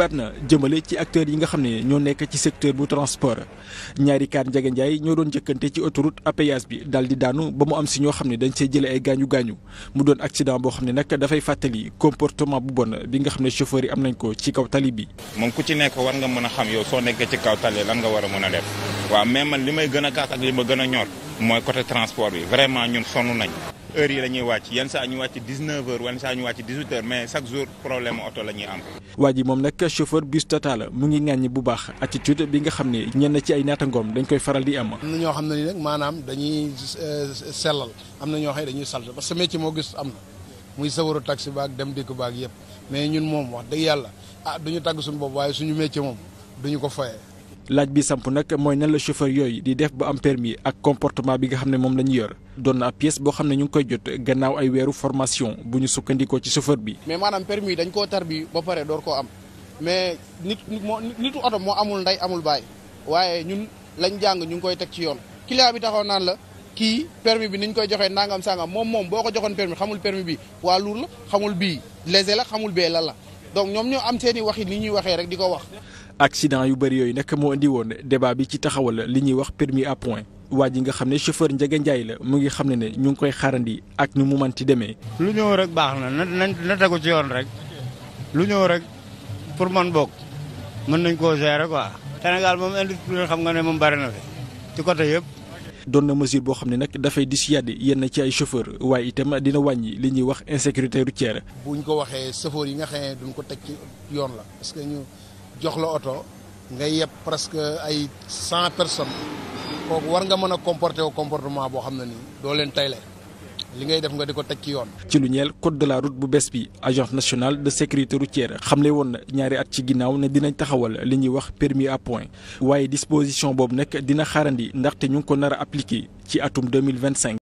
waat na jëmale ci acteur yi nga xam ne ñoo nekk ci secteur bu transport ñaari kaar Ndiaga Ndiaye ñoo doon njëkkante ci autoroute à bi daal di daanu ba mu am si ñoo xam ne dañ see jëlee ay gaañu gaañu mu doon accident boo xam ne nag dafay fàttali comportement bu bon bi nga xam ne chauffeur yi am nañ ko ci kaw tali bi. moom ku ci nekk war nga mën a xam yow soo nekkee ci kaw tali lan nga war a mën a def waa mais man li may gën a kaas ak li ma gën a ñor mooy côté transport bi vraiment ñun sonn nañ heure yi la ñuy wàcc yenn saa ñu wàcc 19 heures yenn saa ñu wàcc 18 heures mais chaque jour problème oto la am. waa ji moom nag chauffeur bus Total mu ngi ŋàññi bu baax attitude bi nga xam ni ñenn ci ay naatangoom dañ koy faral di am. am na ñoo xam ne ni nag maanaam dañuy eh, sellal am na ñoo xam ne dañuy salte parce que métier moo gis am na muy sawaru taxi baag dem dikk baag yëpp mais ñun moom wax dëgg yàlla ah duñu tàgg suñu bopp waaye suñu métier moom ko fayee. laaj bi samp nag mooy nan la chauffeur yooyu di def ba am permis ak comportement bi nga xam ne moom la ñu yor doon na ab pièce boo xam ne ñu ngi koy jot gannaaw ay weeru formation bu ñu sukkandikoo ci chauffeur bi. mais maanaam permis dañ koo tar bi ba pare door koo am mais nit moo nitu oto moo amul ndey amul baay waaye ñun lañ jàng ñu ngi koy teg ci yoon. client bi taxaw naan la kii permis bi ñu koy joxee nangam sangam moom moom boo ko joxoon permis xamul permis bi poids lourd la xamul bii léger la xamul bee lan la. donc ñoom ñoo am seen i wax yi ni ñuy waxee rek di ko wax. accident yu bëri yooyu nag moo indi woon débat bi ci taxawal li ñuy wax permis à point waa ji nga xam ne chauffeur Ndiaga Ndiaye la mu ngi xam ne ne ñu ngi koy xaarandi ak nu mu manti demee. lu ñëw rek baax na na na tegu ci yoon rek lu ñëw rek pour man bokk mën nañ koo gérer quoi. Sénégal moom industrie xam nga ne moom bari na fi ci côté yëpp. doon na mesure boo xam ne nag dafay dissuader yenn ci ay chauffeur waaye itam dina wàññi li ñuy wax insécurité routière. bu ñu ko waxee chauffeur yi nga xam ne duñ ko teg ci yoon la parce que ñu jox la oto nga yeb presque ay cent personnes kooku war nga mën a comporter au comportement boo xam ne nii doo leen tayle li ngay def nga di ko teg ci yoon. ci lu ñeel code de la route bu bees bi agence national de sécurité routière xamle woon na ñaari at ci ginnaaw ne dinañ taxawal li ñuy wax permis à point waaye disposition boobu nag dina xaarandi ndaxte ñu ngi ko nar a ci atum deux mille vingt cinq